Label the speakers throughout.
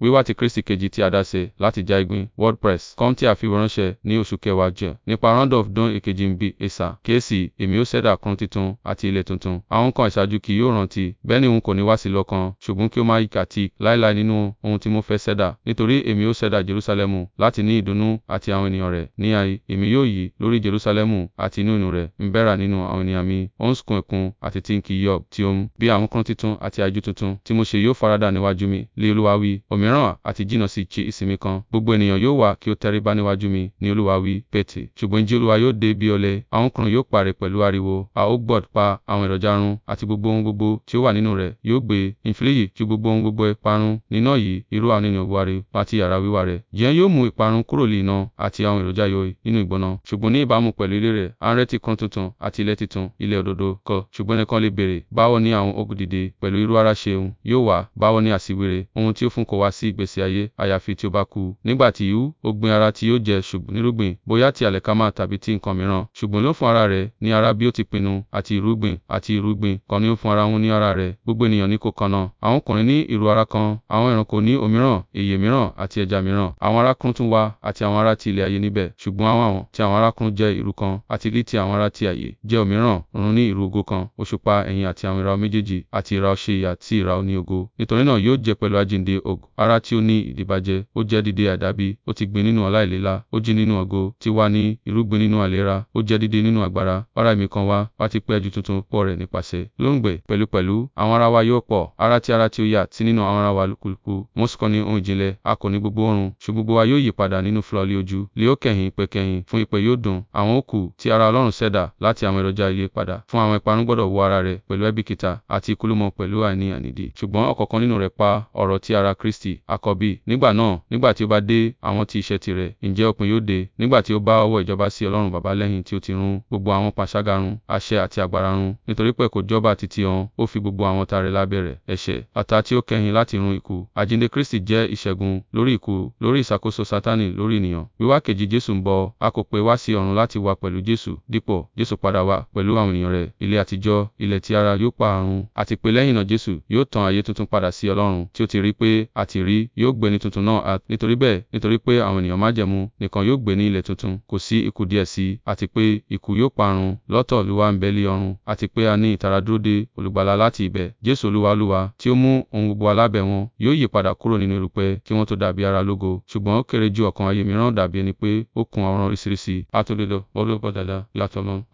Speaker 1: Wíwá ti Kristi kejì tí a dá ṣe láti já igbín. WordPress. Com tí a fi ránṣẹ́ ní oṣù kẹwàá jẹ́. Nípa Roundup dún èkejì ń bí èsà. Kíyèsi, èmi ó ṣẹ̀dá ọ̀run tuntun àti ilẹ̀ tuntun. Àwọn nǹkan ìṣáájú kì yóò rántí, bẹ́ẹ̀ ni òun kò ní wá sí lọ́kàn, ṣùgbọ́n kí ó máa yíká tì láéláé nínú ohun tí mo fẹ́ ṣẹ̀dá. Nítorí èmi ó ṣẹ̀dá Jerusalẹmu láti ní ìdùnnú àti àwọn ènìyàn rẹ̀ ní ayé. Èmi yóò yí lórí Jerusalẹmu àti inú inú rẹ̀ ń bẹ́ra nínú àwọn ènìyàn mi mìíràn àti jìnnà sí ti ìsinmi kan. Gbogbo ènìyàn yóò wá kí ó tẹríba níwájú mi, ni Olúwa wí, Pétè. Ṣùgbọ́n jí Olúwa yóò dé bí ọ̀lẹ, àwọn ọkùnrin yóò parẹ́ pẹ̀lú ariwo, a ó gbọ̀d pa àwọn èròjà run àti gbogbo ohun gbogbo tí ó wà nínú rẹ̀ yóò gbé. Ìfìlẹ̀ yìí ju gbogbo ohun gbogbo ìparun nínà yìí, irú àwọn ènìyàn wàre láti yàrá wíwá rẹ̀. Jíyàn yóò mú ìparun kúrò lé iná àti àwọn èròjà yóò nínú ìgbóná. Ṣùgbọ́n ní ìbámu pẹ̀lú ilé rẹ̀, a ń retí kan tuntun àti ilẹ̀ tuntun, ilẹ̀ òdodo kọ́. Ṣùgbọ́n ẹnìkan lè béèrè, báwo ni àwọn ogun dìde pẹ̀lú irú ara ṣe yóò wá, báwo ni aṣiwèrè, ohun tí ó fún kò wá sí ìgbésí ayé, àyàfi tí ó bá kú. Nígbà tí ihu, ó gbin ara tí yóò jẹ ṣùgbọ́n nírúgbìn, bóyá ti àlìkámà tàbí ti nǹkan mìíràn, ṣùgbọ́n ló fún ara rẹ̀ ní ara bí ó ti pinnu, àti irúgbìn, àti irúgbìn, kan ni ó fún ara wọn ní ara rẹ̀, gbogbo ènìyàn ní kò kan náà. Àwọn ọkùnrin ní ìrù ara kan, àwọn ẹranko ní òmíràn, ẹyẹ mìíràn àti ẹja mìíràn. Àwọn arákùnrin tún wà àti àwọn ará ti ilẹ̀ ayé níbẹ̀, ṣùgbọ́n àwọn àwọn tí àwọn arákùnrin jẹ́ ìrù kan, àti ilé tí àwọn ará ti ayé jẹ́ òmíràn, ọ̀run ní ìrù ògo kan, òṣùpá, ẹ̀yìn àti àwọn ìràwọ̀ méjèèjì, àti ìràwọ̀ ṣe àti ìràwọ̀ ní ògo. Nítorí náà yóò jẹ́ pẹ̀lú àjíǹde ògo. Ara Ara tí ó ní ìdíbàjẹ́, ó jẹ́ dìde àìdábí, ó ti gbin nínú aláìlera, ó jí nínú ògo, ti wà ní irúgbìn nínú àìlera, ó jẹ́ dìde nínú agbára. Ara èmi kan wá, wá ti pẹ́ ju tuntun pọ̀ rẹ̀ nípasẹ̀. Lóǹgbẹ, pẹ̀lúpẹ̀lú, àwọn ara wa yóò pọ̀, ara tí ara tí ó yà tí nínú àwọn ara wa lùkùlùkù. Mósè kọ́ ní ohun ìjìnlẹ̀, a kò ní gbogbo ọ̀run, ṣùgbọ́n gbogbo wa yóò yípadà nínú fúlàlì ojú. Lé ó kẹ́yìn pẹ́ kẹ́yìn, fún ìpè yóò dùn. Àwọn òkú tí ara Ọlọ́run ṣẹ̀dá láti àwọn èròjà ìyípadà fún àwọn ìparun gbọdọ̀ wo ara rẹ̀ pẹ̀lú ẹ̀bìkítà àti ìkúlùmọ̀ pẹ̀lú àìní ànídìí. Ṣùgbọ́n ọ̀kọ̀ọ̀kan nínú rẹ̀ pa ọ̀rọ̀ ti ara Kristi àkọ́bí nígbà náà nígbà tí ó bá dé àwọn ti iṣẹ́ tirẹ̀. Ǹjẹ́ òpin yóò dé nígbà tí ó bá ọwọ́ ìjọba sí Ọlọ́run Baba lẹ́yìn tí ó ti run gbogbo àwọn panṣágà run, àṣẹ àti agbára run, nítorí pé kò jọba titi han, ó fi gbogbo àwọn ọ̀tá rẹ̀ lábẹ́ rẹ̀. Ẹ̀ṣẹ̀, ọ̀tá tí ó kẹ́yìn láti run ikú. Àjíǹde Kristi jẹ́ ìṣẹ́gun lórí ikú, lórí ìṣàkóso Satani lórí ènìyàn. Wíwá kejì Jésù ń bọ̀, a kò pè wá sí ọ̀run láti wà pẹ̀lú Jésù, dípò, Jésù padà wá pẹ̀lú àwọn ènìyàn rẹ̀. Ilé àtijọ́, ilẹ̀ ti ara yóò parun, àti pé lẹ́yìn náà Jésù yóò tan ayé tuntun padà sí Ọlọ́run, tí ó ti rí pé a ti ìlérí yóò gbé ní tuntun náà at nítorí bẹ́ẹ̀ nítorí pé àwọn ènìyàn májẹ̀mú nìkan yóò gbé ní ilẹ̀ tuntun kò sí ikú díẹ̀ sí i àti pé ikú yóò parun lọ́tọ̀ Olúwa ń bẹ lé àti pé a ní ìtara dúró de olùgbàlà láti ibẹ̀ Jésù Olúwa Olúwa tí ó mú ohun gbogbo alábẹ́ wọn yóò yípadà kúrò nínú erùpẹ̀ kí wọ́n tó dàbí ara lógo ṣùgbọ́n ó kéré ju ọkàn ayé mìíràn dàbí ẹni pé ó kun ọ̀ràn oríṣiríṣi àtòlélọ ọlọ́pàá dáadáa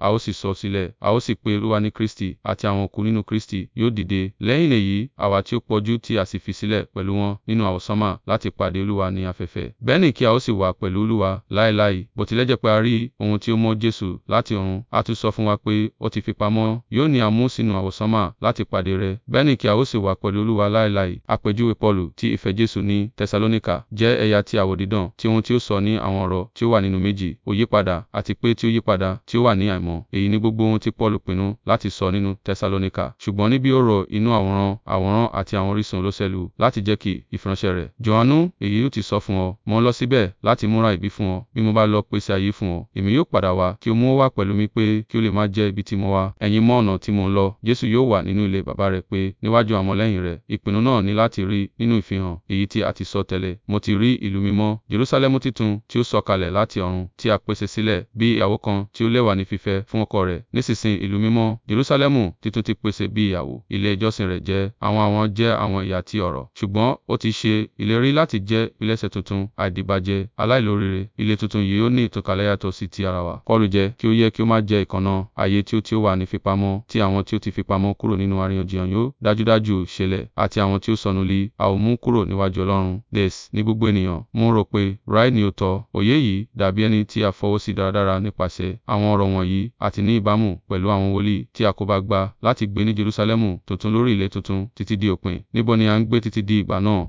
Speaker 1: a ó sì sọ sílẹ̀ a ó sì pe Olúwa ní Kristi àti àwọn òkú nínú Kristi yóò dìde lẹ́yìn èyí àwa tí ó pọ̀jù tí a sì fi sílẹ̀ pẹ̀lú wọn nínú àwọsánmà láti pàdé Olúwa ní afẹ́fẹ́. Bẹ́ẹ̀ ni kí a ó sì wà pẹ̀lú Olúwa láéláé. Bó tilẹ̀ jẹ́ pé a rí ohun tí ó mú Jésù láti ọ̀run, a tún sọ fún wa pé ó ti fi pamọ́, yóò ní a mú sínú àwọsánmà láti pàdé rẹ̀. Bẹ́ẹ̀ ni kí a ó sì wà pẹ̀lú Olúwa láéláé. Àpèjúwe Pọ́ọ̀lù tí ìfẹ́ Jésù ní Tẹsalóníkà jẹ́ ẹ̀yà ti àwọ̀ dídán tí ohun tí ó sọ ní àwọn ọ̀rọ̀ tí ó wà nínú méjì, òyípadà àti pé tí ó yípadà tí ó wà ní àìmọ́. Èyí ni gbogbo ohun tí Pọ́ọ̀lù pinnu láti sọ nínú Tẹsalóníkà. Ṣùgbọ́n níbí ó rọ inú àwòrán, àwòrán àti àwọn orísun olóṣèlú láti jẹ́ kí ìfẹ́ ìfiránṣẹ́ rẹ̀. Johanu, èyí yóò ti sọ fún ọ, mò ń lọ síbẹ̀ láti múra ibi fún ọ, bí mo bá lọ pèsè ààyè fún ọ, èmi yóò padà wá, kí o mú ó wá pẹ̀lú mi pé kí ó lè máa jẹ́ ibi tí mo wà. Ẹ̀yin mọ ọ̀nà tí mò ń lọ. Jesu yóò wà nínú ilé Baba rẹ̀ pé níwájú àwọn ọmọlẹ́yìn rẹ̀. Ìpinnu náà ní láti rí nínú ìfihàn èyí tí a ti sọ tẹ́lẹ̀. Mo ti rí ìlú mímọ́, Jerúsálẹ́mù titun tí ó sọ̀kalẹ̀ láti ọ̀run tí a pèsè sílẹ̀ bí ìyàwó kan tí ó lẹ́wà ní fífẹ́ fún ọkọ rẹ̀. Nísinsin ìlú mímọ́, Jerúsálẹ́mù titun ti pèsè bí ìyàwó. Ilé ìjọsìn rẹ̀ jẹ́ àwọn àwọn jẹ́ àwọn ìyà ti ọ̀rọ̀, ṣùgbọ́n ó ti ṣe ìlérí láti jẹ́ ìpilẹ̀ṣẹ̀ tuntun, àìdíbàjẹ́, aláìlórìire. Ilé tuntun yìí ó ní ìtànkálẹ̀ yàtọ̀ sí ti ara wa. Paulu jẹ́ kí ó yẹ kí ó máa jẹ́ ìkànnà ayé tí ó ti wà ní fipamọ́, tí àwọn tí ó ti fipamọ́ kúrò nínú àríyànjiyàn yóò dájúdájú ṣẹlẹ̀, àti àwọn tí ó sọnù li a ó mú kúrò níwájú Ọlọ́run. Des, ní gbogbo ènìyàn, mú rò pé, Rai ni òótọ́. Òye yìí dàbí ẹni tí a fọwọ́ sí dáradára nípasẹ̀ àwọn ọ̀rọ̀ wọ̀nyí àti ní ìbámu pẹ̀lú àwọn wòlíì tí a kò bá gbà láti gbé ní Jerusalẹmu tuntun lórí ilẹ̀ tuntun títí di òpin. Níbo ni a ń gbé títí di ìgbà náà?